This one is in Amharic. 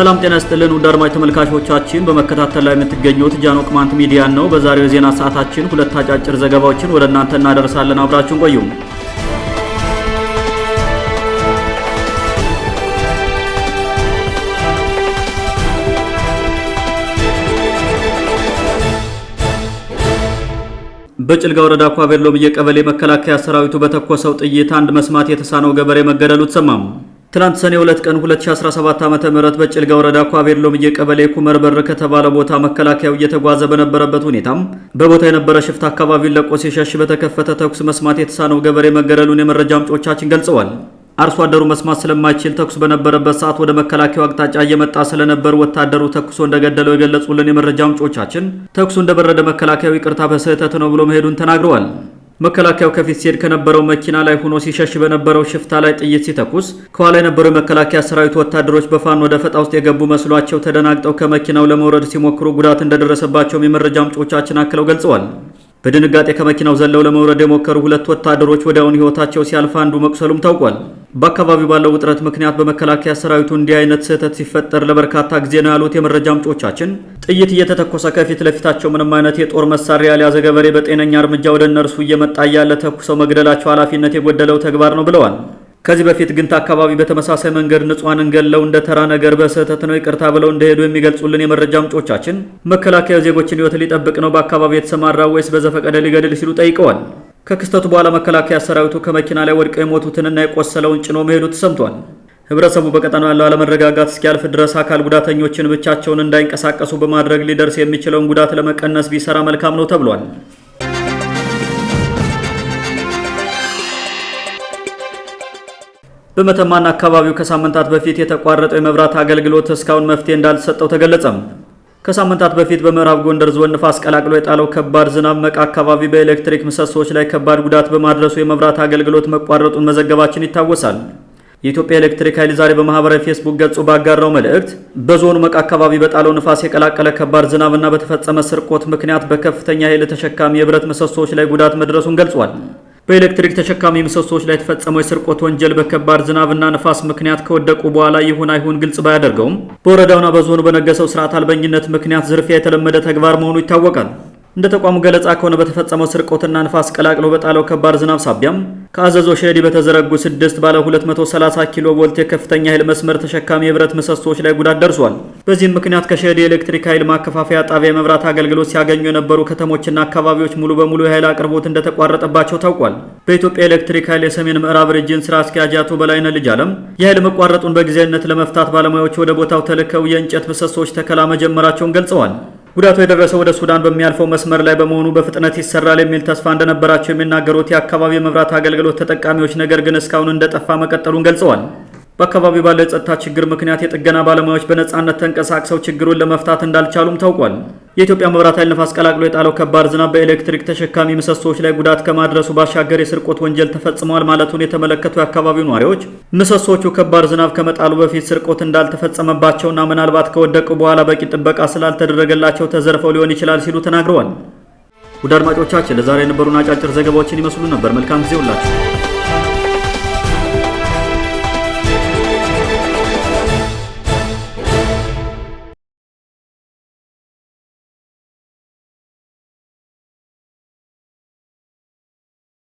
ሰላም ጤና ስጥልን ውድ አድማጭ ተመልካቾቻችን፣ በመከታተል ላይ የምትገኙት ጃኖ ቅማንት ሚዲያ ነው። በዛሬው የዜና ሰዓታችን ሁለት አጫጭር ዘገባዎችን ወደ እናንተ እናደርሳለን። አብራችሁን ቆዩ። በጭልጋ ወረዳ ኳቤር ሎምዬ ቀበሌ መከላከያ ሰራዊቱ በተኮሰው ጥይት አንድ መስማት የተሳነው ገበሬ መገደሉ ተሰማም። ትናንት ሰኔ 2 ቀን 2017 ዓ ተመረጥ በጭልጋ ወረዳ ኳቤር ሎምዬ የቀበሌ ኩመር በር ከተባለ ቦታ መከላከያው እየተጓዘ በነበረበት ሁኔታም በቦታ የነበረ ሽፍት አካባቢውን ለቆ ሲሸሽ በተከፈተ ተኩስ መስማት የተሳነው ገበሬ መገደሉን የመረጃ ምንጮቻችን ገልጸዋል። አርሶ አደሩ መስማት ስለማይችል ተኩስ በነበረበት ሰዓት ወደ መከላከያው አቅጣጫ እየመጣ ስለነበር ወታደሩ ተኩሶ እንደገደለው የገለጹልን የመረጃ ምንጮቻችን ተኩሱ እንደበረደ መከላከያው ይቅርታ በስህተት ነው ብሎ መሄዱን ተናግረዋል። መከላከያው ከፊት ሲሄድ ከነበረው መኪና ላይ ሆኖ ሲሸሽ በነበረው ሽፍታ ላይ ጥይት ሲተኩስ ከኋላ የነበረው የመከላከያ ሰራዊት ወታደሮች በፋኖ ደፈጣ ውስጥ የገቡ መስሏቸው ተደናግጠው ከመኪናው ለመውረድ ሲሞክሩ ጉዳት እንደደረሰባቸውም የመረጃ ምንጮቻችን አክለው ገልጸዋል። በድንጋጤ ከመኪናው ዘለው ለመውረድ የሞከሩ ሁለት ወታደሮች ወዲያውኑ ሕይወታቸው ሲያልፍ አንዱ መቁሰሉም ታውቋል። በአካባቢው ባለው ውጥረት ምክንያት በመከላከያ ሰራዊቱ እንዲህ አይነት ስህተት ሲፈጠር ለበርካታ ጊዜ ነው ያሉት የመረጃ ምንጮቻችን፣ ጥይት እየተተኮሰ ከፊት ለፊታቸው ምንም አይነት የጦር መሳሪያ ያልያዘ ገበሬ በጤነኛ እርምጃ ወደ እነርሱ እየመጣ እያለ ተኩሰው መግደላቸው ኃላፊነት የጎደለው ተግባር ነው ብለዋል። ከዚህ በፊት ግንት አካባቢ በተመሳሳይ መንገድ ንጹሐንን ገለው እንደ ተራ ነገር በስህተት ነው ይቅርታ ብለው እንደሄዱ የሚገልጹልን የመረጃ ምንጮቻችን መከላከያው ዜጎችን ሕይወት ሊጠብቅ ነው በአካባቢ የተሰማራ ወይስ በዘፈቀደ ሊገድል ሲሉ ጠይቀዋል። ከክስተቱ በኋላ መከላከያ ሰራዊቱ ከመኪና ላይ ወድቀው የሞቱትንና የቆሰለውን ጭኖ መሄዱ ተሰምቷል። ህብረተሰቡ በቀጠናው ያለው አለመረጋጋት እስኪያልፍ ድረስ አካል ጉዳተኞችን ብቻቸውን እንዳይንቀሳቀሱ በማድረግ ሊደርስ የሚችለውን ጉዳት ለመቀነስ ቢሰራ መልካም ነው ተብሏል። በመተማና አካባቢው ከሳምንታት በፊት የተቋረጠው የመብራት አገልግሎት እስካሁን መፍትሄ እንዳልሰጠው ተገለጸም። ከሳምንታት በፊት በምዕራብ ጎንደር ዞን ንፋስ ቀላቅሎ የጣለው ከባድ ዝናብ መቃ አካባቢ በኤሌክትሪክ ምሰሶዎች ላይ ከባድ ጉዳት በማድረሱ የመብራት አገልግሎት መቋረጡን መዘገባችን ይታወሳል። የኢትዮጵያ ኤሌክትሪክ ኃይል ዛሬ በማህበራዊ ፌስቡክ ገጹ ባጋራው መልእክት በዞኑ መቃ አካባቢ በጣለው ንፋስ የቀላቀለ ከባድ ዝናብና በተፈጸመ ስርቆት ምክንያት በከፍተኛ ኃይል ተሸካሚ የብረት ምሰሶዎች ላይ ጉዳት መድረሱን ገልጿል። በኤሌክትሪክ ተሸካሚ ምሰሶዎች ላይ የተፈጸመው የስርቆት ወንጀል በከባድ ዝናብና ነፋስ ምክንያት ከወደቁ በኋላ ይሁን አይሁን ግልጽ ባያደርገውም በወረዳውና በዞኑ በነገሰው ስርዓት አልበኝነት ምክንያት ዝርፊያ የተለመደ ተግባር መሆኑ ይታወቃል። እንደ ተቋሙ ገለጻ ከሆነ በተፈጸመው ስርቆትና ንፋስ ቀላቅሎ በጣለው ከባድ ዝናብ ሳቢያም ከአዘዞ ሼዲ በተዘረጉ ስድስት ባለ 230 ኪሎ ቮልት የከፍተኛ ኃይል መስመር ተሸካሚ የብረት ምሰሶዎች ላይ ጉዳት ደርሷል። በዚህም ምክንያት ከሼዲ የኤሌክትሪክ ኃይል ማከፋፈያ ጣቢያ የመብራት አገልግሎት ሲያገኙ የነበሩ ከተሞችና አካባቢዎች ሙሉ በሙሉ የኃይል አቅርቦት እንደተቋረጠባቸው ታውቋል። በኢትዮጵያ ኤሌክትሪክ ኃይል የሰሜን ምዕራብ ሪጅን ስራ አስኪያጅ አቶ በላይነህ ልጅ አለም የኃይል መቋረጡን በጊዜያዊነት ለመፍታት ባለሙያዎች ወደ ቦታው ተልከው የእንጨት ምሰሶዎች ተከላ መጀመራቸውን ገልጸዋል። ጉዳቱ የደረሰው ወደ ሱዳን በሚያልፈው መስመር ላይ በመሆኑ በፍጥነት ይሰራል የሚል ተስፋ እንደነበራቸው የሚናገሩት የአካባቢ የመብራት አገልግሎት ተጠቃሚዎች ነገር ግን እስካሁን እንደጠፋ መቀጠሉን ገልጸዋል። በአካባቢው ባለ የጸጥታ ችግር ምክንያት የጥገና ባለሙያዎች በነፃነት ተንቀሳቅሰው ችግሩን ለመፍታት እንዳልቻሉም ታውቋል። የኢትዮጵያ መብራት ኃይል ነፋስ ቀላቅሎ የጣለው ከባድ ዝናብ በኤሌክትሪክ ተሸካሚ ምሰሶዎች ላይ ጉዳት ከማድረሱ ባሻገር የስርቆት ወንጀል ተፈጽመዋል ማለቱን የተመለከቱ የአካባቢው ነዋሪዎች ምሰሶቹ ከባድ ዝናብ ከመጣሉ በፊት ስርቆት እንዳልተፈጸመባቸውና ምናልባት ከወደቁ በኋላ በቂ ጥበቃ ስላልተደረገላቸው ተዘርፈው ሊሆን ይችላል ሲሉ ተናግረዋል። ውድ አድማጮቻችን ለዛሬ የነበሩን አጫጭር ዘገባዎችን ይመስሉ ነበር። መልካም ጊዜ ሁላችሁ